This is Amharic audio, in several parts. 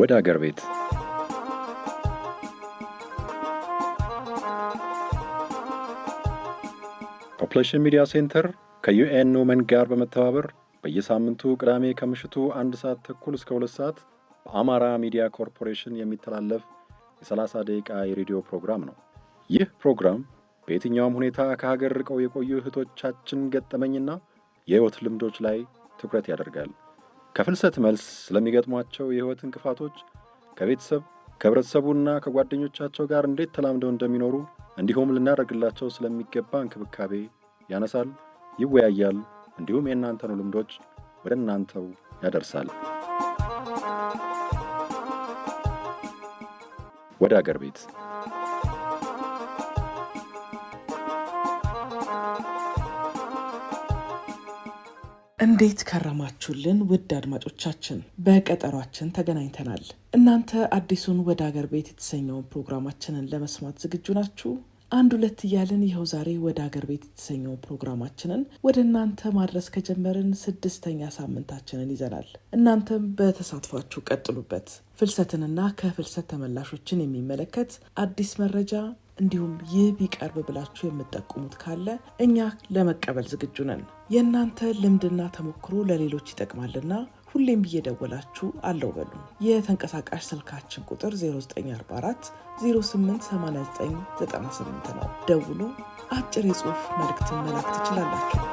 ወደ አገር ቤት ፖፕሌሽን ሚዲያ ሴንተር ከዩኤን ውመን ጋር በመተባበር በየሳምንቱ ቅዳሜ ከምሽቱ አንድ ሰዓት ተኩል እስከ ሁለት ሰዓት በአማራ ሚዲያ ኮርፖሬሽን የሚተላለፍ የ30 ደቂቃ የሬዲዮ ፕሮግራም ነው። ይህ ፕሮግራም በየትኛውም ሁኔታ ከሀገር ርቀው የቆዩ እህቶቻችን ገጠመኝና የሕይወት ልምዶች ላይ ትኩረት ያደርጋል። ከፍልሰት መልስ ስለሚገጥሟቸው የሕይወት እንቅፋቶች ከቤተሰብ ከህብረተሰቡና ከጓደኞቻቸው ጋር እንዴት ተላምደው እንደሚኖሩ እንዲሁም ልናደርግላቸው ስለሚገባ እንክብካቤ ያነሳል፣ ይወያያል፣ እንዲሁም የእናንተኑ ልምዶች ወደ እናንተው ያደርሳል። ወደ አገር ቤት እንዴት ከረማችሁልን ውድ አድማጮቻችን፣ በቀጠሯችን ተገናኝተናል። እናንተ አዲሱን ወደ አገር ቤት የተሰኘውን ፕሮግራማችንን ለመስማት ዝግጁ ናችሁ? አንድ ሁለት እያልን ይኸው ዛሬ ወደ አገር ቤት የተሰኘው ፕሮግራማችንን ወደ እናንተ ማድረስ ከጀመርን ስድስተኛ ሳምንታችንን ይዘናል። እናንተም በተሳትፏችሁ ቀጥሉበት። ፍልሰትንና ከፍልሰት ተመላሾችን የሚመለከት አዲስ መረጃ እንዲሁም ይህ ቢቀርብ ብላችሁ የምትጠቁሙት ካለ እኛ ለመቀበል ዝግጁ ነን። የእናንተ ልምድና ተሞክሮ ለሌሎች ይጠቅማልና ሁሌም እየደወላችሁ አለው በሉ። የተንቀሳቃሽ ስልካችን ቁጥር 0944 088998 ነው። ደውሉ፣ አጭር የጽሑፍ መልእክትን መላክ ትችላላችሁ።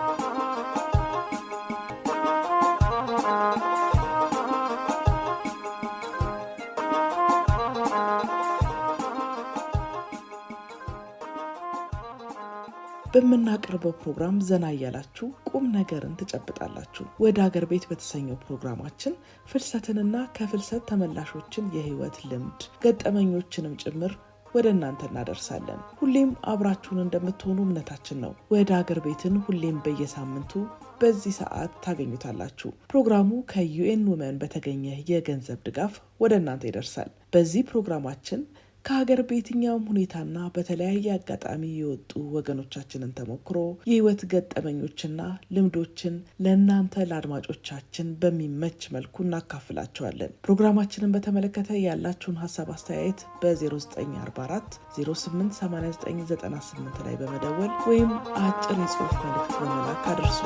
በምናቀርበው ፕሮግራም ዘና እያላችሁ ቁም ነገርን ትጨብጣላችሁ። ወደ አገር ቤት በተሰኘው ፕሮግራማችን ፍልሰትንና ከፍልሰት ተመላሾችን የህይወት ልምድ ገጠመኞችንም ጭምር ወደ እናንተ እናደርሳለን። ሁሌም አብራችሁን እንደምትሆኑ እምነታችን ነው። ወደ አገር ቤትን ሁሌም በየሳምንቱ በዚህ ሰዓት ታገኙታላችሁ። ፕሮግራሙ ከዩኤን ውመን በተገኘ የገንዘብ ድጋፍ ወደ እናንተ ይደርሳል። በዚህ ፕሮግራማችን ከሀገር በየትኛውም ሁኔታና በተለያየ አጋጣሚ የወጡ ወገኖቻችንን ተሞክሮ የህይወት ገጠመኞችና ልምዶችን ለእናንተ ለአድማጮቻችን በሚመች መልኩ እናካፍላቸዋለን። ፕሮግራማችንን በተመለከተ ያላችሁን ሀሳብ አስተያየት በ0944 088998 ላይ በመደወል ወይም አጭር የጽሁፍ መልእክት በመላክ አድርሱ።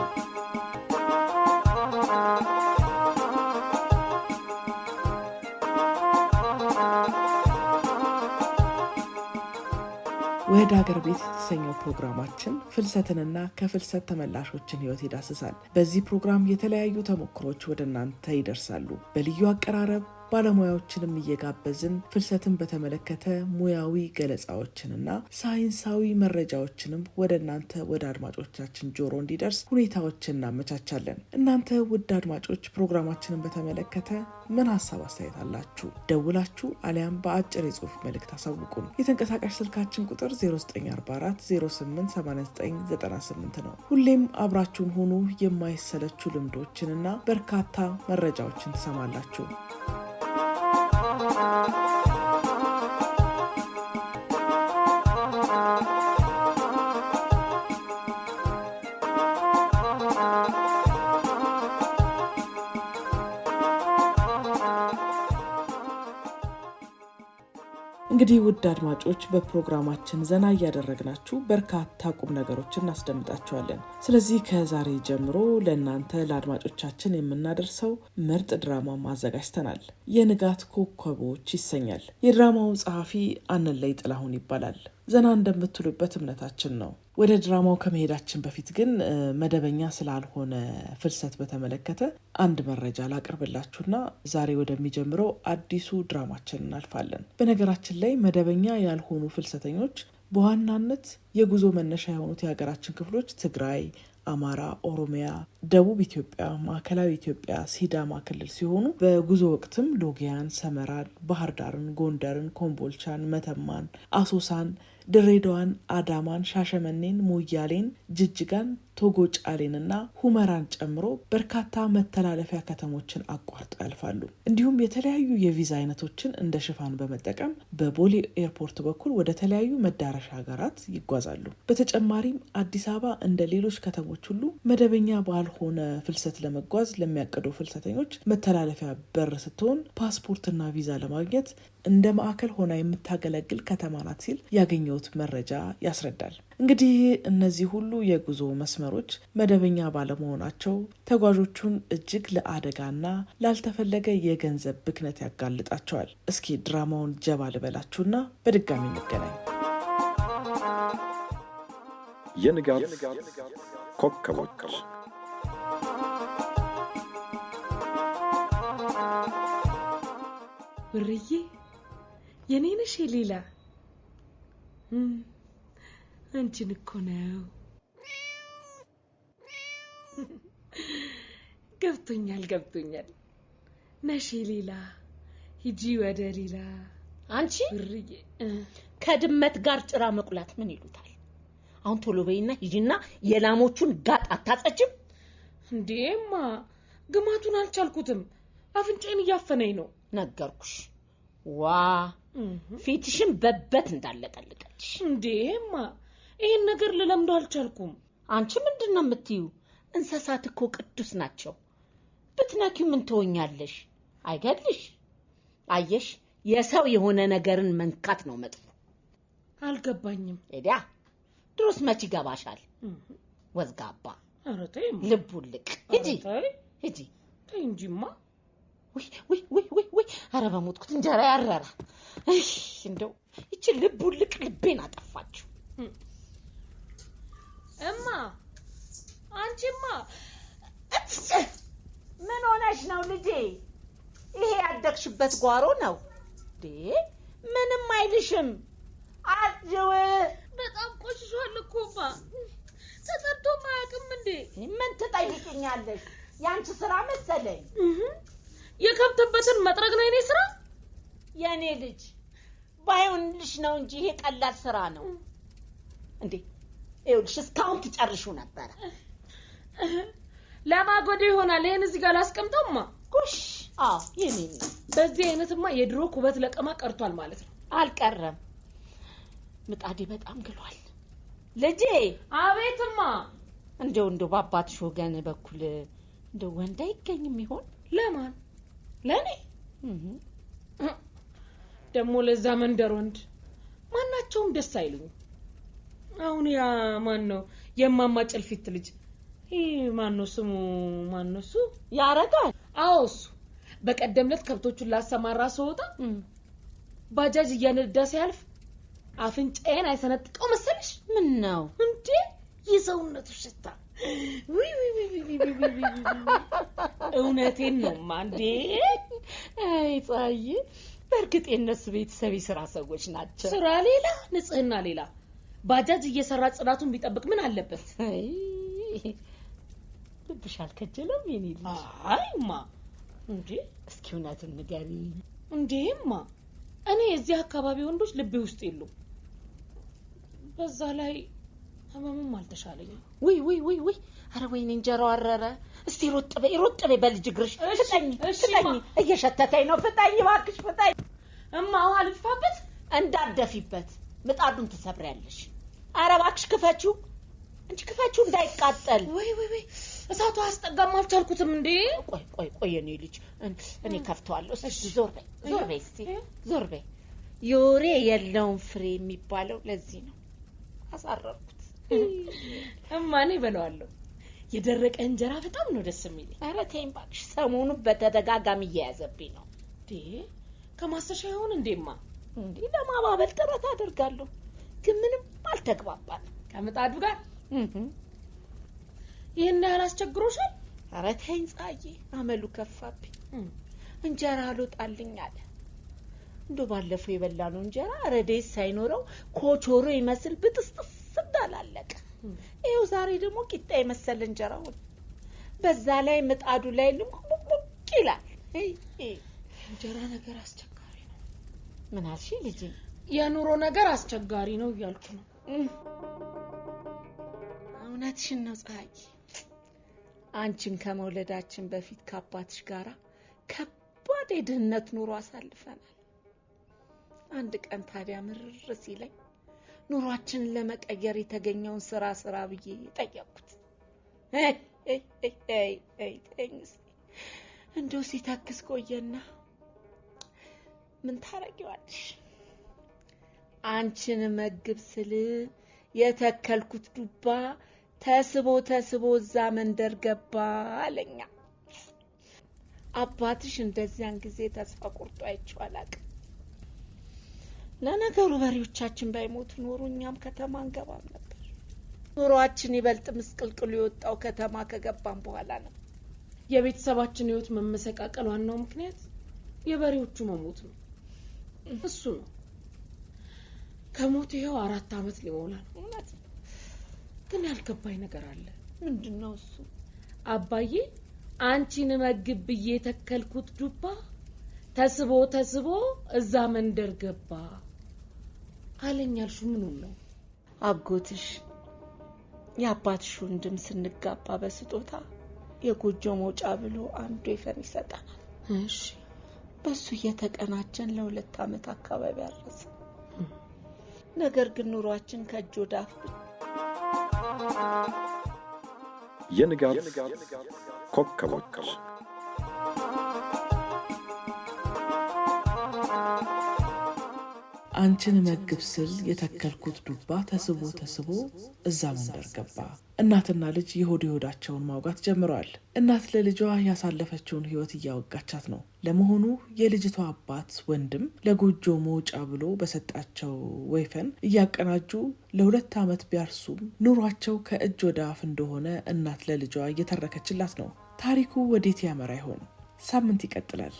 ወደ ሀገር ቤት የተሰኘው ፕሮግራማችን ፍልሰትንና ከፍልሰት ተመላሾችን ህይወት ይዳስሳል። በዚህ ፕሮግራም የተለያዩ ተሞክሮች ወደ እናንተ ይደርሳሉ። በልዩ አቀራረብ ባለሙያዎችንም እየጋበዝን ፍልሰትን በተመለከተ ሙያዊ ገለጻዎችንና ሳይንሳዊ መረጃዎችንም ወደ እናንተ ወደ አድማጮቻችን ጆሮ እንዲደርስ ሁኔታዎችን እናመቻቻለን። እናንተ ውድ አድማጮች ፕሮግራማችንን በተመለከተ ምን ሀሳብ አስተያየት አላችሁ? ደውላችሁ አሊያም በአጭር የጽሁፍ መልእክት አሳውቁን። የተንቀሳቃሽ ስልካችን ቁጥር 0944 ነው። ሁሌም አብራችሁን ሆኑ። የማይሰለቹ ልምዶችንና በርካታ መረጃዎችን ትሰማላችሁ። እንግዲህ ውድ አድማጮች በፕሮግራማችን ዘና እያደረግናችሁ በርካታ ቁም ነገሮች እናስደምጣችኋለን። ስለዚህ ከዛሬ ጀምሮ ለእናንተ ለአድማጮቻችን የምናደርሰው ምርጥ ድራማ አዘጋጅተናል። የንጋት ኮከቦች ይሰኛል። የድራማው ጸሐፊ አነለይ ጥላሁን ይባላል። ዘና እንደምትሉበት እምነታችን ነው። ወደ ድራማው ከመሄዳችን በፊት ግን መደበኛ ስላልሆነ ፍልሰት በተመለከተ አንድ መረጃ ላቅርብላችሁና ዛሬ ወደሚጀምረው አዲሱ ድራማችን እናልፋለን። በነገራችን ላይ መደበኛ ያልሆኑ ፍልሰተኞች በዋናነት የጉዞ መነሻ የሆኑት የሀገራችን ክፍሎች ትግራይ፣ አማራ፣ ኦሮሚያ፣ ደቡብ ኢትዮጵያ፣ ማዕከላዊ ኢትዮጵያ፣ ሲዳማ ክልል ሲሆኑ በጉዞ ወቅትም ሎጊያን፣ ሰመራን፣ ባህር ዳርን፣ ጎንደርን፣ ኮምቦልቻን፣ መተማን፣ አሶሳን ድሬዳዋን፣ አዳማን፣ ሻሸመኔን፣ ሞያሌን፣ ጅጅጋን፣ ቶጎ ጫሌን እና ሁመራን ጨምሮ በርካታ መተላለፊያ ከተሞችን አቋርጠው ያልፋሉ። እንዲሁም የተለያዩ የቪዛ አይነቶችን እንደ ሽፋን በመጠቀም በቦሌ ኤርፖርት በኩል ወደ ተለያዩ መዳረሻ ሀገራት ይጓዛሉ። በተጨማሪም አዲስ አበባ እንደ ሌሎች ከተሞች ሁሉ መደበኛ ባልሆነ ፍልሰት ለመጓዝ ለሚያቅዱ ፍልሰተኞች መተላለፊያ በር ስትሆን ፓስፖርትና ቪዛ ለማግኘት እንደ ማዕከል ሆና የምታገለግል ከተማ ናት ሲል ያገኘሁት መረጃ ያስረዳል። እንግዲህ እነዚህ ሁሉ የጉዞ መስመሮች መደበኛ ባለመሆናቸው ተጓዦቹን እጅግ ለአደጋና ላልተፈለገ የገንዘብ ብክነት ያጋልጣቸዋል። እስኪ ድራማውን ጀባ ልበላችሁና በድጋሚ እንገናኝ። የንጋት ኮከቦች ብርዬ የኔ ነሽ ሌላ አንቺን እኮ ነው። ገብቶኛል ገብቶኛል። ነሽ ሌላ ሂጂ ወደ ሌላ። አንቺ ከድመት ጋር ጭራ መቁላት ምን ይሉታል? አሁን ቶሎ በይና ሂጂና የላሞቹን ጋጥ አታጸጅም እንዴማ። ግማቱን አልቻልኩትም። አፍንጫዬን እያፈነኝ ነው። ነገርኩሽ ዋ ፊትሽን በበት እንዳለጠልቀልሽ። እንዴማ ይህን ነገር ልለምዶ አልቻልኩም። አንቺ ምንድን ነው የምትዩ? እንስሳት እኮ ቅዱስ ናቸው። ብትነኪው ምን ትሆኛለሽ? አይገድልሽ። አየሽ፣ የሰው የሆነ ነገርን መንካት ነው መጥፎ። አልገባኝም። ኤዲያ ድሮስ መች ይገባሻል? ወዝጋባ ልቡልቅ። ሂጂ ሂጂ እንጂማ ወይ አረ በሞትኩት እንጀራ ያረረ እንደው ይች ልቡ ልቅ ልቤን አጠፋችሁ እማ። አንቺማ ምን ሆነሽ ነው ልጄ? ይሄ ያደግሽበት ጓሮ ነው። ምንም አይልሽም። አጅው በጣም ቆሽሿል እኮ እማ። ተጠርቶ ማያውቅም እንዴ? ምን ትጠይቅኛለሽ? ያንቺ ስራ መሰለኝ የከብትበትን መጥረግ ነው የኔ ስራ። የኔ ልጅ ባይሆንልሽ ነው እንጂ ይሄ ቀላል ስራ ነው እንዴ? ይኸውልሽ እስካሁን ትጨርሹ ነበረ። ለማጎዴ ይሆናል። ይሄን እዚህ ጋር ላስቀምጠውማ። ጎሽ። አዎ የኔ በዚህ አይነትማ የድሮ ኩበት ለቀማ ቀርቷል ማለት ነው። አልቀረም። ምጣዴ በጣም ግሏል። ልጄ። አቤትማ። እንደው እንደው በአባትሽ ወገን በኩል እንደው ወንድ አይገኝም ይሆን? ለማን ለእኔ ደግሞ ለዛ መንደር ወንድ ማናቸውም ደስ አይሉኝ። አሁን ያ ማን ነው የማማ ጭልፊት ልጅ ማን ነው ስሙ? ማን ነው እሱ? ያረጋል። አዎ እሱ በቀደም ዕለት ከብቶቹን ላሰማራ ስወጣ ባጃጅ እያነዳ ሲያልፍ አፍንጫዬን አይሰነጥቀው መሰለሽ? ምን ነው እንዴ የሰውነቱ ሽታ እውነቴን ነው ማንዴ። አይ ፀሐዬ፣ በእርግጥ የእነሱ ቤተሰብ የስራ ሰዎች ናቸው። ስራ ሌላ፣ ንጽህና ሌላ። ባጃጅ እየሰራ ጽዳቱን ቢጠብቅ ምን አለበት? ልብሽ አልከጀለም የኔ ልጅ? አይ እንዴ! እስኪ እውነቱን ንገሪኝ። እንዴማ እኔ የዚህ አካባቢ ወንዶች ልቤ ውስጥ የሉም። በዛ ላይ ህመሙም አልተሻለኝም። ውይ ውይ ውይ ውይ! አረ ወይኔ እንጀራው አረረ። እስቲ ሮጥ በይ ሮጥ በይ፣ በልጅ እግርሽ ፍጠኝ ፍጠኝ፣ እየሸተተኝ ነው። ፍጠኝ እባክሽ ፍጠኝ። እማ ውሃ ልጥፋበት፣ እንዳደፊበት ምጣዱን ትሰብሪያለሽ። አረ እባክሽ ክፈችው እንጂ ክፈችው እንዳይቃጠል። ወይ ወይ ወይ! እሳቱ አስጠጋም አልቻልኩትም። እንዴ ቆይ ቆይ ቆይ፣ የኔ ልጅ እኔ ከፍተዋለሁ። እስቲ ዞር በይ ዞር በይ፣ እስቲ ዞር በይ። ዮሬ የለውም ፍሬ የሚባለው ለዚህ ነው። አሳረርኩት። እማኔ በለዋለሁ። የደረቀ እንጀራ በጣም ነው ደስ የሚል። ኧረ ተይኝ እባክሽ፣ ሰሞኑ በተደጋጋሚ እየያዘብኝ ነው። ከማሰሻ ይሆን እንዴማ? እንዲህ ለማባበል ጥረት አደርጋለሁ፣ ግን ምንም አልተግባባል ከምጣዱ ጋር። ይህን ያህል አስቸግሮሻል? ኧረ ተይኝ ፀሐዬ፣ አመሉ ከፋብኝ። እንጀራ አልወጣልኝ አለ። እንዶ ባለፈው የበላነው እንጀራ ረዴስ ሳይኖረው ኮቾሮ ይመስል ብጥስጥስ አላለቀ። ይኸው ዛሬ ደግሞ ቂጣ የመሰለ እንጀራውን በዛ ላይ ምጣዱ ላይ ልሙቅሙቅ ይላል። እንጀራ ነገር አስቸጋሪ ነው። ምን አልሽ ልጅ? የኑሮ ነገር አስቸጋሪ ነው እያልኩ ነው። እውነትሽን ነው ፀሐይ። አንቺን ከመውለዳችን በፊት ከአባትሽ ጋር ከባድ የድህነት ኑሮ አሳልፈናል። አንድ ቀን ታዲያ ምርር ሲለኝ ኑሯችንን ለመቀየር የተገኘውን ስራ ስራ ብዬ ጠየቅኩት። እንዲሁ ሲተክስ ቆየና ምን ታረጊዋለሽ? አንቺን መግብ ስል የተከልኩት ዱባ ተስቦ ተስቦ እዛ መንደር ገባ አለኛ። አባትሽ እንደዚያን ጊዜ ተስፋ ቁርጦ አይቼው አላቅም። ለነገሩ በሬዎቻችን ባይሞቱ ኖሮ እኛም ከተማ እንገባም ነበር። ኑሯችን ይበልጥ ምስቅልቅሉ የወጣው ከተማ ከገባም በኋላ ነው። የቤተሰባችን ህይወት መመሰቃቀል ዋናው ምክንያት የበሬዎቹ መሞት ነው። እሱ ነው ከሞት ይኸው አራት አመት ሊሞላ ነው። እውነት ግን ያልገባኝ ነገር አለ። ምንድን ነው እሱ? አባዬ አንቺን መግብ ብዬ የተከልኩት ዱባ ተስቦ ተስቦ እዛ መንደር ገባ። አለኝ ያልሹ ምኑ ነው? አጎትሽ የአባትሽ ወንድም ስንጋባ በስጦታ የጎጆ መውጫ ብሎ አንዱ ይፈን ይሰጠናል። እሺ በሱ እየተቀናጀን ለሁለት ዓመት አካባቢ አረሰ። ነገር ግን ኑሯችን ከእጅ ወደ አፍ የንጋት ኮከቦች አንቺን መግብ ስል የተከልኩት ዱባ ተስቦ ተስቦ እዛ መንበር ገባ። እናትና ልጅ የሆድ የሆዳቸውን ማውጋት ጀምረዋል። እናት ለልጇ ያሳለፈችውን ሕይወት እያወጋቻት ነው። ለመሆኑ የልጅቷ አባት ወንድም ለጎጆ መውጫ ብሎ በሰጣቸው ወይፈን እያቀናጁ ለሁለት ዓመት ቢያርሱም ኑሯቸው ከእጅ ወደ አፍ እንደሆነ እናት ለልጇ እየተረከችላት ነው። ታሪኩ ወዴት ያመራ ይሆን? ሳምንት ይቀጥላል።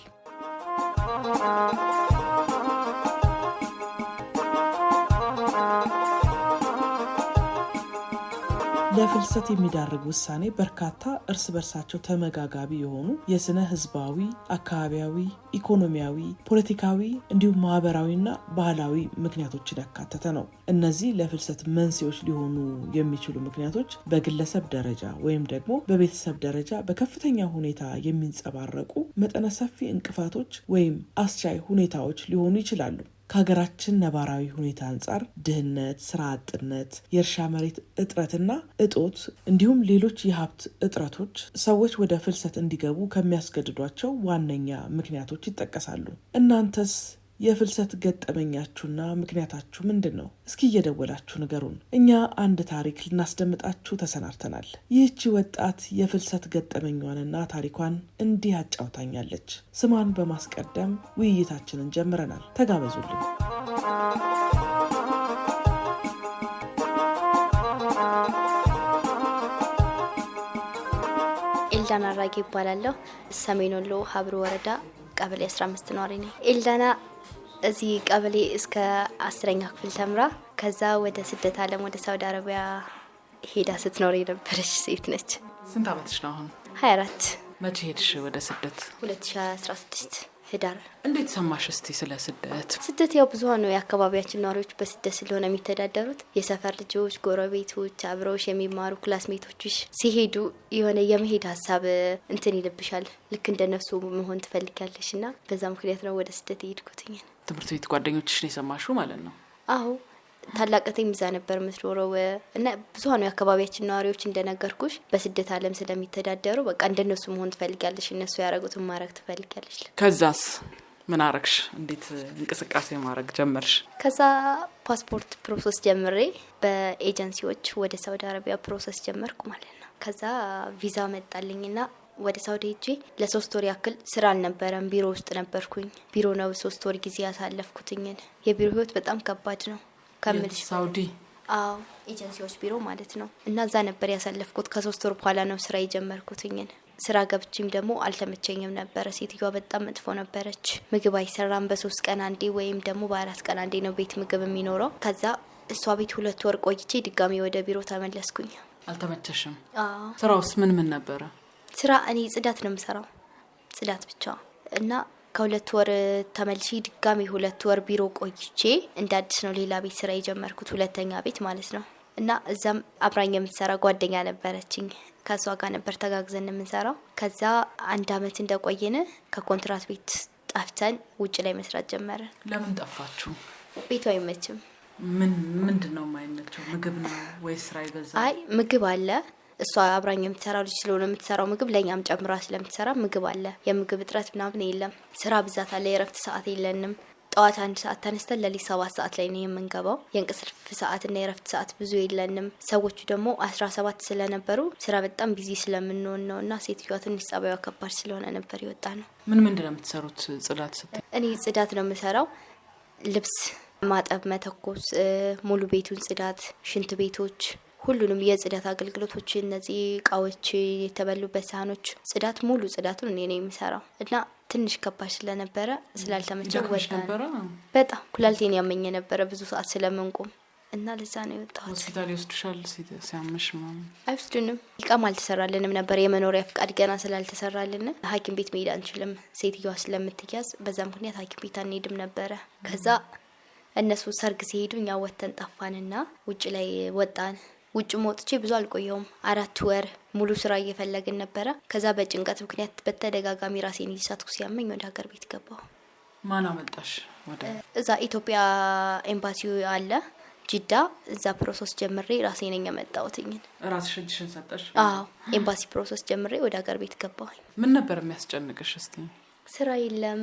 ለፍልሰት የሚዳርግ ውሳኔ በርካታ እርስ በርሳቸው ተመጋጋቢ የሆኑ የስነ ህዝባዊ፣ አካባቢያዊ፣ ኢኮኖሚያዊ፣ ፖለቲካዊ እንዲሁም ማህበራዊና ባህላዊ ምክንያቶችን ያካተተ ነው። እነዚህ ለፍልሰት መንስኤዎች ሊሆኑ የሚችሉ ምክንያቶች በግለሰብ ደረጃ ወይም ደግሞ በቤተሰብ ደረጃ በከፍተኛ ሁኔታ የሚንጸባረቁ መጠነ ሰፊ እንቅፋቶች ወይም አስቻይ ሁኔታዎች ሊሆኑ ይችላሉ። ከሀገራችን ነባራዊ ሁኔታ አንጻር ድህነት፣ ስራ አጥነት፣ የእርሻ መሬት እጥረትና እጦት እንዲሁም ሌሎች የሀብት እጥረቶች ሰዎች ወደ ፍልሰት እንዲገቡ ከሚያስገድዷቸው ዋነኛ ምክንያቶች ይጠቀሳሉ። እናንተስ የፍልሰት ገጠመኛችሁና ምክንያታችሁ ምንድን ነው? እስኪ እየደወላችሁ ንገሩን። እኛ አንድ ታሪክ ልናስደምጣችሁ ተሰናድተናል። ይህቺ ወጣት የፍልሰት ገጠመኛዋንና ታሪኳን እንዲህ አጫውታኛለች። ስሟን በማስቀደም ውይይታችንን ጀምረናል። ተጋበዙልን። ኤልዳን አራጌ ይባላለሁ። ሰሜን ወሎ ወረዳ ቀበሌ 15 ነዋሪ ነኝ። ኤልዳና እዚህ ቀበሌ እስከ አስረኛ ክፍል ተምራ ከዛ ወደ ስደት ዓለም ወደ ሳውዲ አረቢያ ሄዳ ስትኖር የነበረች ሴት ነች። ስንት ዓመትሽ ነው አሁን? 24 መቼ ሄድሽ ወደ ስደት? 2016 ህዳር። እንዴት ሰማሽ እስቲ ስለ ስደት? ስደት ያው ነው። የአካባቢያችን ነዋሪዎች በስደት ስለሆነ የሚተዳደሩት የሰፈር ልጆች፣ ጎረቤቶች፣ አብረውሽ የሚማሩ ክላስሜቶችሽ ሲሄዱ የሆነ የመሄድ ሀሳብ እንትን ይልብሻል። ልክ እንደ ነፍሱ መሆን ትፈልጊያለሽ እና በዛ ምክንያት ነው ወደ ስደት የሄድኩትኛል። ትምህርት ቤት ጓደኞችሽ ነው የሰማሹ ማለት ነው? አዎ ታላቅ እህቴም እዛ ነበር የምትኖረው እና ብዙሀኑ የአካባቢያችን ነዋሪዎች እንደነገርኩሽ በስደት ዓለም ስለሚተዳደሩ በቃ እንደነሱ መሆን ትፈልጊያለሽ፣ እነሱ ያደረጉትን ማድረግ ትፈልጊያለሽ። ከዛስ ምን አረግሽ? እንዴት እንቅስቃሴ ማድረግ ጀመርሽ? ከዛ ፓስፖርት ፕሮሰስ ጀምሬ በኤጀንሲዎች ወደ ሳውዲ አረቢያ ፕሮሰስ ጀመርኩ ማለት ነው። ከዛ ቪዛ መጣልኝና ወደ ሳውዲ ሄጂ ለሶስት ወር ያክል ስራ አልነበረም፣ ቢሮ ውስጥ ነበርኩኝ። ቢሮ ነው ሶስት ወር ጊዜ ያሳለፍኩትኝን። የቢሮ ህይወት በጣም ከባድ ነው። ከምልሽ ሳውዲ አዎ ኤጀንሲዎች ቢሮ ማለት ነው። እና እዛ ነበር ያሳለፍኩት። ከሶስት ወር በኋላ ነው ስራ የጀመርኩትኝን ስራ ገብችም ደግሞ አልተመቸኝም ነበረ። ሴትዮዋ በጣም መጥፎ ነበረች። ምግብ አይሰራም። በሶስት ቀን አንዴ ወይም ደግሞ በአራት ቀን አንዴ ነው ቤት ምግብ የሚኖረው። ከዛ እሷ ቤት ሁለት ወር ቆይቼ ድጋሚ ወደ ቢሮ ተመለስኩኝ። አልተመቸሽም? ስራውስ ምን ምን ነበረ? ስራ እኔ ጽዳት ነው የምሰራው፣ ጽዳት ብቻ እና ከሁለት ወር ተመልሼ ድጋሚ ሁለት ወር ቢሮ ቆይቼ እንደ አዲስ ነው ሌላ ቤት ስራ የጀመርኩት፣ ሁለተኛ ቤት ማለት ነው። እና እዛም አብራኝ የምትሰራ ጓደኛ ነበረችኝ። ከእሷ ጋር ነበር ተጋግዘን የምንሰራው። ከዛ አንድ አመት እንደቆየን ከኮንትራት ቤት ጠፍተን ውጭ ላይ መስራት ጀመረን። ለምን ጠፋችሁ? ቤቱ አይመችም። ምን ምንድን ነው የማይመቸው? ምግብ ነው ወይ ስራ ይበዛ? አይ ምግብ አለ እሷ አብራኝ የምትሰራው ልጅ ስለሆነ የምትሰራው ምግብ ለእኛም ጨምራ ስለምትሰራ ምግብ አለ። የምግብ እጥረት ምናምን የለም። ስራ ብዛት አለ። የእረፍት ሰዓት የለንም። ጠዋት አንድ ሰዓት ተነስተን ለሊት ሰባት ሰዓት ላይ ነው የምንገባው። የእንቅስፍ ሰዓትና የእረፍት ሰዓት ብዙ የለንም። ሰዎቹ ደግሞ አስራ ሰባት ስለነበሩ ስራ በጣም ቢዚ ስለምንሆን ነው እና ሴትዮዋ ትንሽ ጸባዩ ከባድ ስለሆነ ነበር የወጣ ነው። ምን ምንድን ነው የምትሰሩት? ጽዳት ስ እኔ ጽዳት ነው የምሰራው ልብስ ማጠብ፣ መተኮስ፣ ሙሉ ቤቱን ጽዳት፣ ሽንት ቤቶች ሁሉንም የጽዳት አገልግሎቶች እነዚህ እቃዎች የተበሉበት ሳህኖች ጽዳት ሙሉ ጽዳቱን እኔ ነው የሚሰራው እና ትንሽ ከባድ ስለነበረ ስላልተመቸው በጣም ኩላልቴን ያመኘ ነበረ ብዙ ሰዓት ስለምንቁም እና ለዛ ነው የወጣሁት። ሆስፒታል ይወስዱሻል ሲያመሽ አይወስዱንም። ይቃም አልተሰራልንም ነበር የመኖሪያ ፍቃድ ገና ስላልተሰራልን ሀኪም ቤት መሄድ አንችልም ሴትዮዋ ስለምትያዝ። በዛ ምክንያት ሀኪም ቤት አንሄድም ነበረ። ከዛ እነሱ ሰርግ ሲሄዱ እኛ ወተን ጠፋንና ውጭ ላይ ወጣን። ውጭ መውጥቼ ብዙ አልቆየውም። አራት ወር ሙሉ ስራ እየፈለግን ነበረ። ከዛ በጭንቀት ምክንያት በተደጋጋሚ ራሴን እየሳትኩ ሲያመኝ ወደ ሀገር ቤት ገባሁ። ማን አመጣሽ? እዛ ኢትዮጵያ ኤምባሲ አለ ጅዳ። እዛ ፕሮሰስ ጀምሬ ራሴ ነኝ ያመጣሁትኝን። ራስሽ እጅሽን ሰጠሽ? አዎ፣ ኤምባሲ ፕሮሰስ ጀምሬ ወደ ሀገር ቤት ገባሁኝ። ምን ነበር የሚያስጨንቅሽ? እስቲ ስራ የለም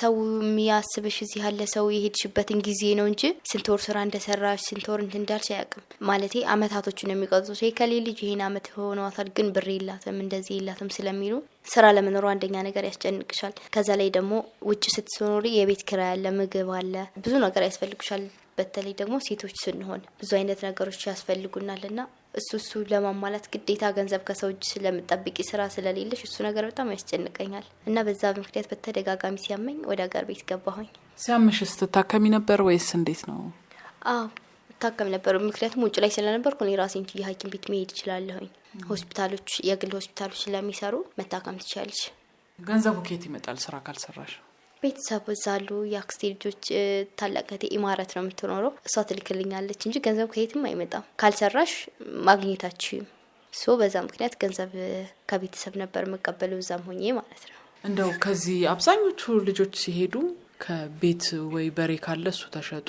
ሰው የሚያስብሽ እዚህ ያለ ሰው የሄድሽበትን ጊዜ ነው እንጂ ስንት ወር ስራ እንደሰራሽ ስንት ወር እንትን እንዳልሽ አያውቅም። ማለቴ አመታቶችን ነው የሚቆጥሩት። ከሌ ልጅ ይሄን አመት ሆነዋታል፣ ግን ብር የላትም እንደዚህ የላትም ስለሚሉ ስራ ለመኖሩ አንደኛ ነገር ያስጨንቅሻል። ከዛ ላይ ደግሞ ውጭ ስትኖሪ የቤት ኪራይ አለ፣ ምግብ አለ፣ ብዙ ነገር ያስፈልግሻል። በተለይ ደግሞ ሴቶች ስንሆን ብዙ አይነት ነገሮች ያስፈልጉናል እና እሱ እሱ ለማሟላት ግዴታ ገንዘብ ከሰው እጅ ስለምጠብቂ ስራ ስለሌለሽ እሱ ነገር በጣም ያስጨንቀኛል እና በዛ ምክንያት በተደጋጋሚ ሲያመኝ ወደ ሀገር ቤት ገባሁኝ። ሲያምሽስ ትታከሚ ነበር ወይስ እንዴት ነው? አዎ እታከም ነበር። ምክንያቱም ውጭ ላይ ስለነበርኩ እኔ ራሴን ችዬ ሐኪም ቤት መሄድ እችላለሁኝ። ሆስፒታሎች፣ የግል ሆስፒታሎች ስለሚሰሩ መታከም ትችያለሽ። ገንዘቡ ከየት ይመጣል ስራ ካልሰራሽ? ቤተሰብ እዛሉ። የአክስቴ ልጆች ታላቀቴ ኢማረት ነው የምትኖረው። እሷ ትልክልኛለች እንጂ ገንዘብ ከየትም አይመጣም። ካልሰራሽ ማግኘታችም ሶ በዛ ምክንያት ገንዘብ ከቤተሰብ ነበር የምቀበለው እዛም ሆኜ ማለት ነው። እንደው ከዚህ አብዛኞቹ ልጆች ሲሄዱ ከቤት ወይ በሬ ካለ እሱ ተሸጦ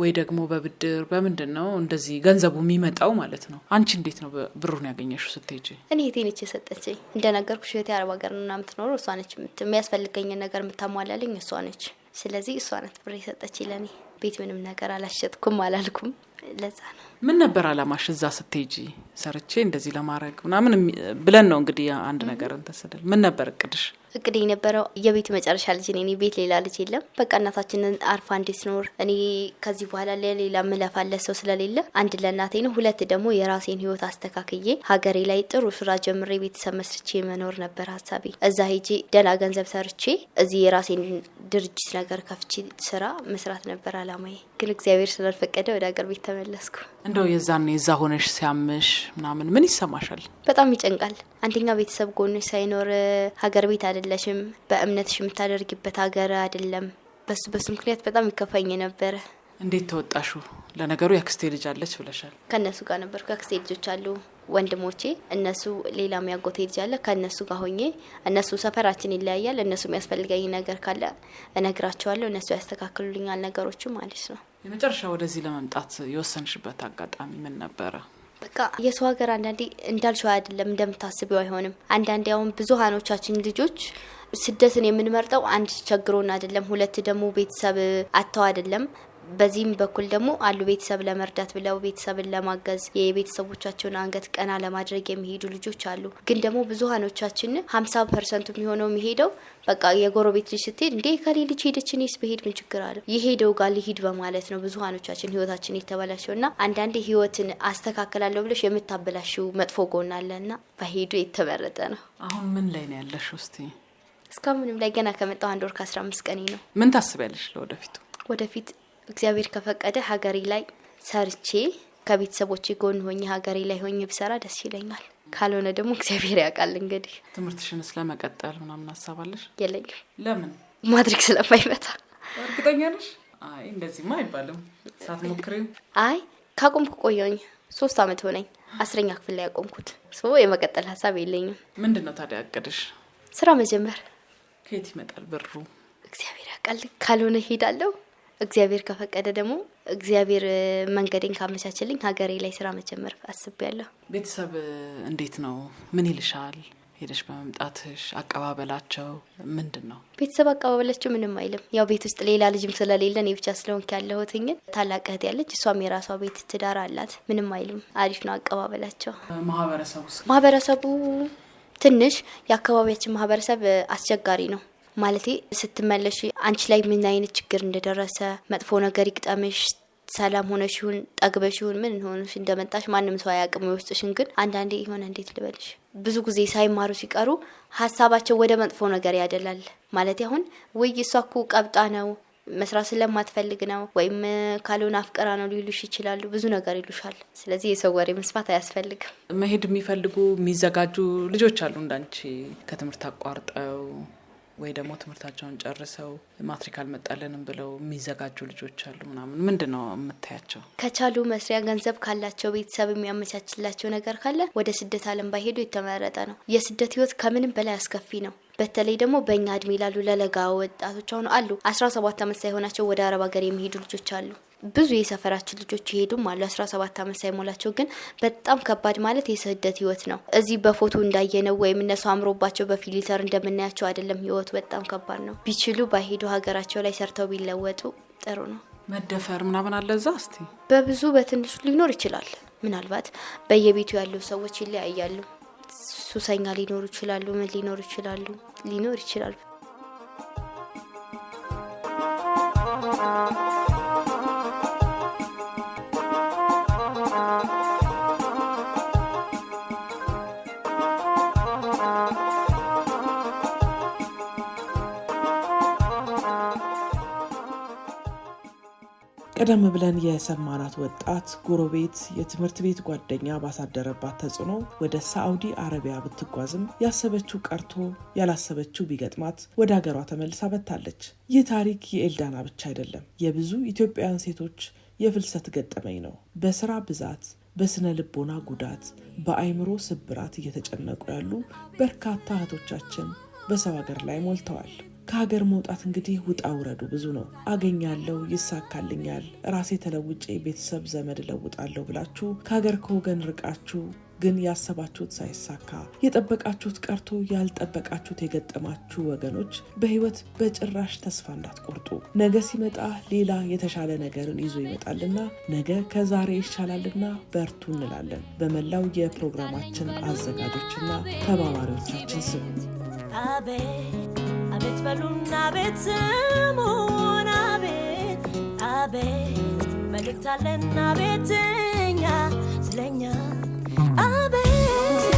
ወይ ደግሞ በብድር በምንድን ነው እንደዚህ ገንዘቡ የሚመጣው ማለት ነው። አንቺ እንዴት ነው ብሩን ያገኘሽው ስትሄጂ? እኔ እህቴ ነች የሰጠችኝ። እንደነገርኩሽ እህቴ አረብ ሀገር ና የምትኖረው እሷ ነች። የሚያስፈልገኝን ነገር የምታሟላለኝ እሷ ነች። ስለዚህ እሷ ናት ብር የሰጠችኝ ለእኔ። ቤት ምንም ነገር አላሸጥኩም አላልኩም። ለዛ ነው ምን ነበር አላማሽ እዛ ስትጂ ሰርቼ እንደዚህ ለማድረግ ምናምን ብለን ነው እንግዲህ አንድ ነገር እንተስደል ምን ነበር እቅድሽ? እቅድ የነበረው የቤት መጨረሻ ልጅ እኔ ቤት ሌላ ልጅ የለም። በቃ እናታችንን አርፋ እንድትኖር እኔ ከዚህ በኋላ ለሌላ ምለፋለ ሰው ስለሌለ አንድ ለእናቴ ነው፣ ሁለት ደግሞ የራሴን ህይወት አስተካክዬ ሀገሬ ላይ ጥሩ ስራ ጀምሬ ቤተሰብ መስርቼ መኖር ነበር ሀሳቤ። እዛ ሄጂ ደና ገንዘብ ሰርቼ እዚህ የራሴን ድርጅት ነገር ከፍቼ ስራ መስራት ነበር አላማዬ። ግን እግዚአብሔር ስላልፈቀደ ወደ ሀገር ቤት ተመለስኩ። እንደው የዛን የዛ ሆነሽ ሲያምሽ ምናምን ምን ይሰማሻል? በጣም ይጨንቃል። አንደኛ ቤተሰብ ጎንሽ ሳይኖር ሀገር ቤት አደለሽም በእምነትሽ የምታደርጊበት ሀገር አይደለም። በሱ በሱ ምክንያት በጣም ይከፋኝ ነበረ። እንዴት ተወጣሹ? ለነገሩ ያክስቴ ልጅ አለች ብለሻል። ከእነሱ ጋር ነበርኩ። ያክስቴ ልጆች አሉ ወንድሞቼ፣ እነሱ ሌላ የሚያጎቴ ልጅ አለ። ከእነሱ ጋር ሆኜ እነሱ ሰፈራችን ይለያያል። እነሱ የሚያስፈልገኝ ነገር ካለ እነግራቸዋለሁ። እነሱ ያስተካክሉልኛል ነገሮቹ ማለት ነው። የመጨረሻ ወደዚህ ለመምጣት የወሰንሽበት አጋጣሚ ምን ነበረ? በቃ የሰው ሀገር አንዳንዴ እንዳልሸው አይደለም፣ እንደምታስበው አይሆንም። አንዳንዴ አሁን ብዙሀኖቻችን ልጆች ስደትን የምንመርጠው አንድ ቸግሮን አይደለም፣ ሁለት ደግሞ ቤተሰብ አጥተው አይደለም። በዚህም በኩል ደግሞ አሉ ቤተሰብ ለመርዳት ብለው ቤተሰብን ለማገዝ የቤተሰቦቻቸውን አንገት ቀና ለማድረግ የሚሄዱ ልጆች አሉ። ግን ደግሞ ብዙሀኖቻችን ሀምሳ ፐርሰንቱ የሚሆነው የሚሄደው በቃ የጎረቤት ልጅ ስትሄድ እንዴ ከሌ ልጅ ሄደች እኔስ ብሄድ ምን ችግር አለው የሄደው ጋር ልሂድ በማለት ነው ብዙሀኖቻችን ህይወታችን የተበላሸው እና አንዳንዴ ህይወትን አስተካከላለሁ ብለሽ የምታበላሽው መጥፎ ጎን አለና በሄዱ የተመረጠ ነው። አሁን ምን ላይ ነው ያለሽ? ውስቲ እስካሁንም ላይ ገና ከመጣው አንድ ወር ከአስራ አምስት ቀን ነው። ምን ታስቢያለሽ ለወደፊቱ? ወደፊት እግዚአብሔር ከፈቀደ ሀገሬ ላይ ሰርቼ ከቤተሰቦች ጎን ሆኜ ሀገሬ ላይ ሆኜ ብሰራ ደስ ይለኛል። ካልሆነ ደግሞ እግዚአብሔር ያውቃል። እንግዲህ ትምህርትሽን ስለመቀጠል ምናምን አሳባለሽ? የለኝም። ለምን? ማድረግ ስለማይመጣ። እርግጠኛ ነሽ? አይ እንደዚህማ አይባልም። ሳትሞክሪ? አይ ካቆምኩ ቆየሁኝ ሶስት አመት ሆነኝ። አስረኛ ክፍል ላይ ያቆምኩት ሰው የመቀጠል ሀሳብ የለኝም። ምንድን ነው ታዲያ እቅድሽ? ስራ መጀመር። ከየት ይመጣል ብሩ? እግዚአብሔር ያውቃል። ካልሆነ እሄዳለሁ እግዚአብሔር ከፈቀደ ደግሞ እግዚአብሔር መንገዴን ካመቻችልኝ ሀገሬ ላይ ስራ መጀመር አስቤያለሁ። ቤተሰብ እንዴት ነው? ምን ይልሻል? ሄደሽ በመምጣትሽ አቀባበላቸው ምንድን ነው? ቤተሰብ አቀባበላቸው ምንም አይልም። ያው ቤት ውስጥ ሌላ ልጅም ስለሌለ እኔ ብቻ ስለሆንክ ያለሁትኝን ታላቅ እህት ያለች እሷም የራሷ ቤት ትዳር አላት። ምንም አይልም። አሪፍ ነው አቀባበላቸው። ማህበረሰቡ ማህበረሰቡ ትንሽ የአካባቢያችን ማህበረሰብ አስቸጋሪ ነው። ማለት ስትመለሽ አንቺ ላይ ምን አይነት ችግር እንደደረሰ መጥፎ ነገር ይግጠምሽ ሰላም ሆነሽ ይሁን ጠግበሽ ይሁን ምን ሆነሽ እንደመጣሽ ማንም ሰው አያውቅም። የውስጥሽን ግን አንዳንዴ የሆነ እንዴት ልበልሽ ብዙ ጊዜ ሳይማሩ ሲቀሩ ሀሳባቸው ወደ መጥፎ ነገር ያደላል። ማለት አሁን ውይ እሷ እኮ ቀብጣ ነው መስራት ስለማትፈልግ ነው ወይም ካልሆነ አፍቀራ ነው ሊሉሽ ይችላሉ። ብዙ ነገር ይሉሻል። ስለዚህ የሰው ወሬ መስፋት አያስፈልግም። መሄድ የሚፈልጉ የሚዘጋጁ ልጆች አሉ እንዳንቺ ከትምህርት አቋርጠው ወይ ደግሞ ትምህርታቸውን ጨርሰው ማትሪክ አልመጣለንም ብለው የሚዘጋጁ ልጆች አሉ ምናምን ምንድን ነው የምታያቸው? ከቻሉ መስሪያ ገንዘብ ካላቸው ቤተሰብ የሚያመቻችላቸው ነገር ካለ ወደ ስደት አለም ባይሄዱ የተመረጠ ነው። የስደት ህይወት ከምንም በላይ አስከፊ ነው። በተለይ ደግሞ በእኛ እድሜ ላሉ ለለጋ ወጣቶች አሁን አሉ አስራ ሰባት ዓመት ሳይሆናቸው ወደ አረብ ሀገር የሚሄዱ ልጆች አሉ። ብዙ የሰፈራችን ልጆች ይሄዱም አሉ። አስራ ሰባት አመት ሳይሞላቸው ግን በጣም ከባድ ማለት የስደት ህይወት ነው። እዚህ በፎቶ እንዳየነው ወይም እነሱ አምሮባቸው በፊሊተር እንደምናያቸው አይደለም። ህይወቱ በጣም ከባድ ነው። ቢችሉ ባይሄዱ ሀገራቸው ላይ ሰርተው ቢለወጡ ጥሩ ነው። መደፈር ምናምን አለ እዛ። እስቲ በብዙ በትንሹ ሊኖር ይችላል። ምናልባት በየቤቱ ያሉ ሰዎች ይለያያሉ። ሱሰኛ ሊኖሩ ይችላሉ። ምን ሊኖሩ ይችላሉ ሊኖር ይችላል ቀደም ብለን የሰማናት ወጣት ጎረቤት የትምህርት ቤት ጓደኛ ባሳደረባት ተጽዕኖ ወደ ሳዑዲ አረቢያ ብትጓዝም ያሰበችው ቀርቶ ያላሰበችው ቢገጥማት ወደ ሀገሯ ተመልሳ በታለች። ይህ ታሪክ የኤልዳና ብቻ አይደለም፣ የብዙ ኢትዮጵያውያን ሴቶች የፍልሰት ገጠመኝ ነው። በስራ ብዛት በስነ ልቦና ጉዳት፣ በአይምሮ ስብራት እየተጨነቁ ያሉ በርካታ እህቶቻችን በሰው ሀገር ላይ ሞልተዋል። ከሀገር መውጣት እንግዲህ ውጣ ውረዱ ብዙ ነው። አገኛለሁ፣ ይሳካልኛል፣ ራሴ ተለውጬ ቤተሰብ ዘመድ እለውጣለሁ ብላችሁ ከሀገር ከወገን ርቃችሁ ግን ያሰባችሁት ሳይሳካ የጠበቃችሁት ቀርቶ ያልጠበቃችሁት የገጠማችሁ ወገኖች በህይወት በጭራሽ ተስፋ እንዳትቆርጡ። ነገ ሲመጣ ሌላ የተሻለ ነገርን ይዞ ይመጣልና ነገ ከዛሬ ይሻላልና በርቱ እንላለን በመላው የፕሮግራማችን አዘጋጆችና ተባባሪዎቻችን ስም አቤት በሉና ቤት ስሙን አቤት አቤት መልእክት አለና ቤትኛ ስለኛ አቤት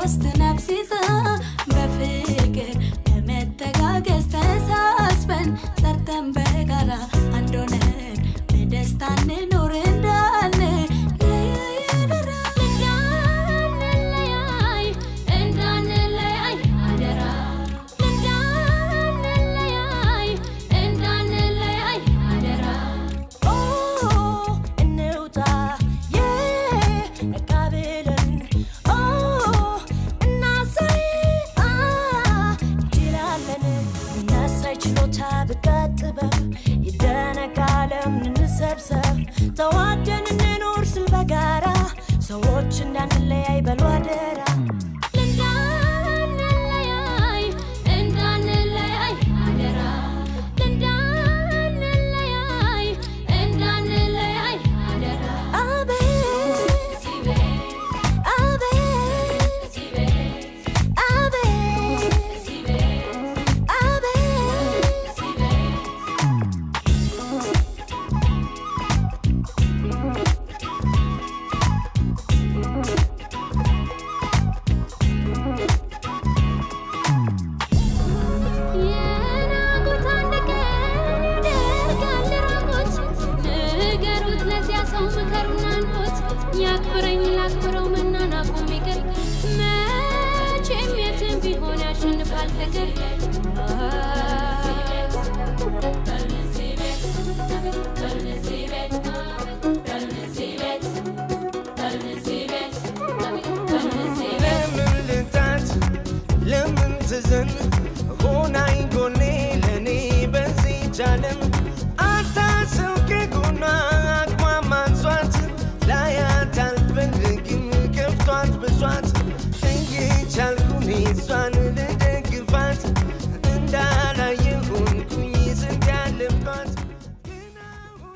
lost in absence. trying to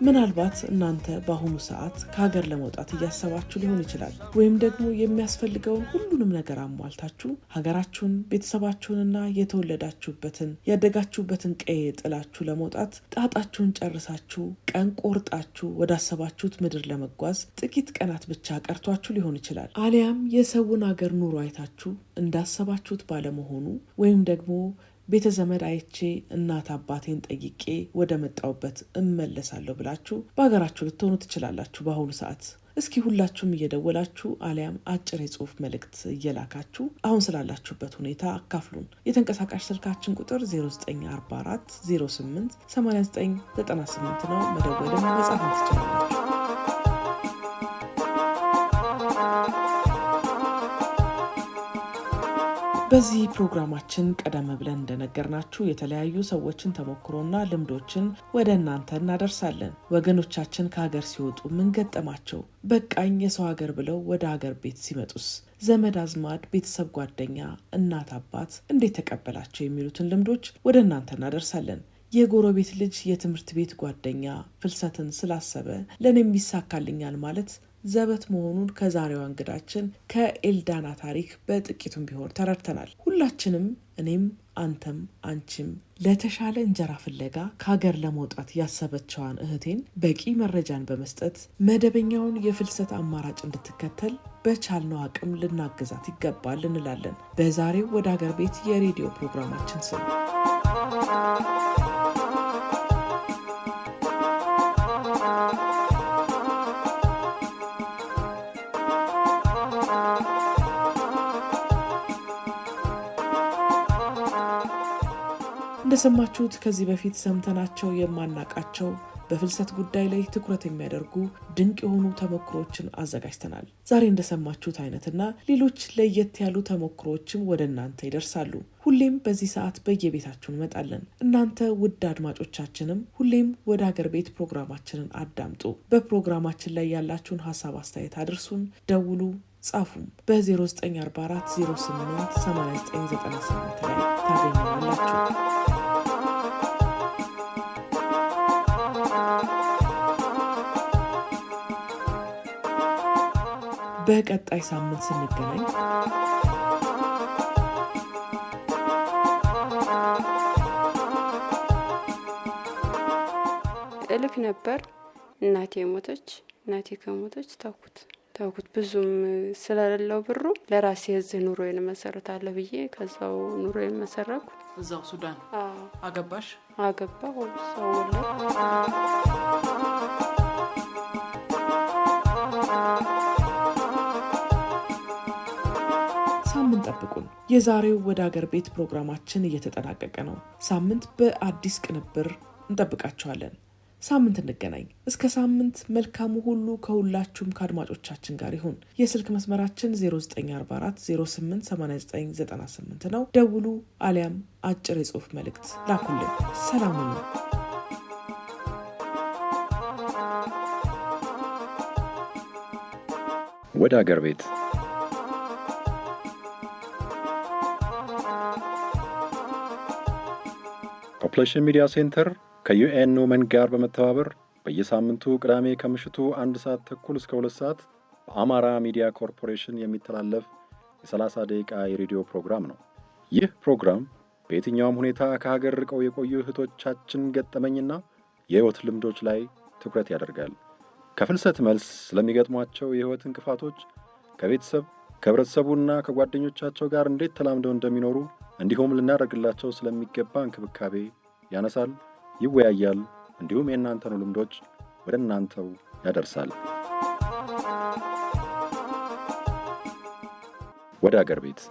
ምናልባት እናንተ በአሁኑ ሰዓት ከሀገር ለመውጣት እያሰባችሁ ሊሆን ይችላል። ወይም ደግሞ የሚያስፈልገውን ሁሉንም ነገር አሟልታችሁ ሀገራችሁን፣ ቤተሰባችሁንና የተወለዳችሁበትን ያደጋችሁበትን ቀዬ ጥላችሁ ለመውጣት ጣጣችሁን ጨርሳችሁ ቀን ቆርጣችሁ ወዳሰባችሁት ምድር ለመጓዝ ጥቂት ቀናት ብቻ ቀርቷችሁ ሊሆን ይችላል። አሊያም የሰውን ሀገር ኑሮ አይታችሁ እንዳሰባችሁት ባለመሆኑ ወይም ደግሞ ቤተ ዘመድ አይቼ እናት አባቴን ጠይቄ ወደ መጣውበት እመለሳለሁ ብላችሁ በሀገራችሁ ልትሆኑ ትችላላችሁ። በአሁኑ ሰዓት እስኪ ሁላችሁም እየደወላችሁ አሊያም አጭር የጽሁፍ መልእክት እየላካችሁ አሁን ስላላችሁበት ሁኔታ አካፍሉን። የተንቀሳቃሽ ስልካችን ቁጥር 0944 08 98 ነው። መደወልን መጻፍ ትችላላችሁ። በዚህ ፕሮግራማችን ቀደም ብለን እንደነገርናችሁ የተለያዩ ሰዎችን ተሞክሮና ልምዶችን ወደ እናንተ እናደርሳለን። ወገኖቻችን ከሀገር ሲወጡ ምን ገጠማቸው? በቃኝ የሰው ሀገር ብለው ወደ ሀገር ቤት ሲመጡስ ዘመድ አዝማድ፣ ቤተሰብ፣ ጓደኛ፣ እናት አባት እንዴት ተቀበላቸው? የሚሉትን ልምዶች ወደ እናንተ እናደርሳለን። የጎረቤት ልጅ የትምህርት ቤት ጓደኛ ፍልሰትን ስላሰበ ለእኔም ይሳካልኛል ማለት ዘበት መሆኑን ከዛሬዋ እንግዳችን ከኤልዳና ታሪክ በጥቂቱም ቢሆን ተረድተናል። ሁላችንም እኔም አንተም አንቺም ለተሻለ እንጀራ ፍለጋ ከሀገር ለመውጣት ያሰበችዋን እህቴን በቂ መረጃን በመስጠት መደበኛውን የፍልሰት አማራጭ እንድትከተል በቻልነው አቅም ልናግዛት ይገባል እንላለን። በዛሬው ወደ ሀገር ቤት የሬዲዮ ፕሮግራማችን ስም እንደሰማችሁት ከዚህ በፊት ሰምተናቸው የማናቃቸው በፍልሰት ጉዳይ ላይ ትኩረት የሚያደርጉ ድንቅ የሆኑ ተሞክሮዎችን አዘጋጅተናል። ዛሬ እንደሰማችሁት አይነትና ሌሎች ለየት ያሉ ተሞክሮዎችም ወደ እናንተ ይደርሳሉ። ሁሌም በዚህ ሰዓት በየቤታችሁ እንመጣለን። እናንተ ውድ አድማጮቻችንም ሁሌም ወደ አገር ቤት ፕሮግራማችንን አዳምጡ። በፕሮግራማችን ላይ ያላችሁን ሀሳብ አስተያየት አድርሱን፣ ደውሉ፣ ጻፉም። በ0944 ላይ ታገኛላችሁ። በቀጣይ ሳምንት ስንገናኝ እልክ ነበር። እናቴ ሞተች። እናቴ ከሞተች ተውኩት ተውኩት። ብዙም ስለሌለው ብሩ ለራሴ እዚህ ኑሮዬን መሰረታለሁ ብዬ ከዛው ኑሮ መሰረኩ። እዛው ሱዳን አገባሽ? አገባ ሰው ይጠብቁን። የዛሬው ወደ አገር ቤት ፕሮግራማችን እየተጠናቀቀ ነው። ሳምንት በአዲስ ቅንብር እንጠብቃችኋለን። ሳምንት እንገናኝ። እስከ ሳምንት መልካሙ ሁሉ ከሁላችሁም ከአድማጮቻችን ጋር ይሁን። የስልክ መስመራችን 0944 ነው። ደውሉ አሊያም አጭር የጽሑፍ መልእክት ላኩልን። ሰላም ነው። ወደ አገር ቤት ፖፑሌሽን ሚዲያ ሴንተር ከዩኤን ኖመን ጋር በመተባበር በየሳምንቱ ቅዳሜ ከምሽቱ አንድ ሰዓት ተኩል እስከ ሁለት ሰዓት በአማራ ሚዲያ ኮርፖሬሽን የሚተላለፍ የ30 ደቂቃ የሬዲዮ ፕሮግራም ነው። ይህ ፕሮግራም በየትኛውም ሁኔታ ከሀገር ርቀው የቆዩ እህቶቻችን ገጠመኝና የሕይወት ልምዶች ላይ ትኩረት ያደርጋል። ከፍልሰት መልስ ስለሚገጥሟቸው የሕይወት እንቅፋቶች ከቤተሰብ ከህብረተሰቡና ከጓደኞቻቸው ጋር እንዴት ተላምደው እንደሚኖሩ እንዲሁም ልናደርግላቸው ስለሚገባ እንክብካቤ ያነሳል፣ ይወያያል፣ እንዲሁም የእናንተኑ ልምዶች ወደ እናንተው ያደርሳል። ወደ አገር ቤት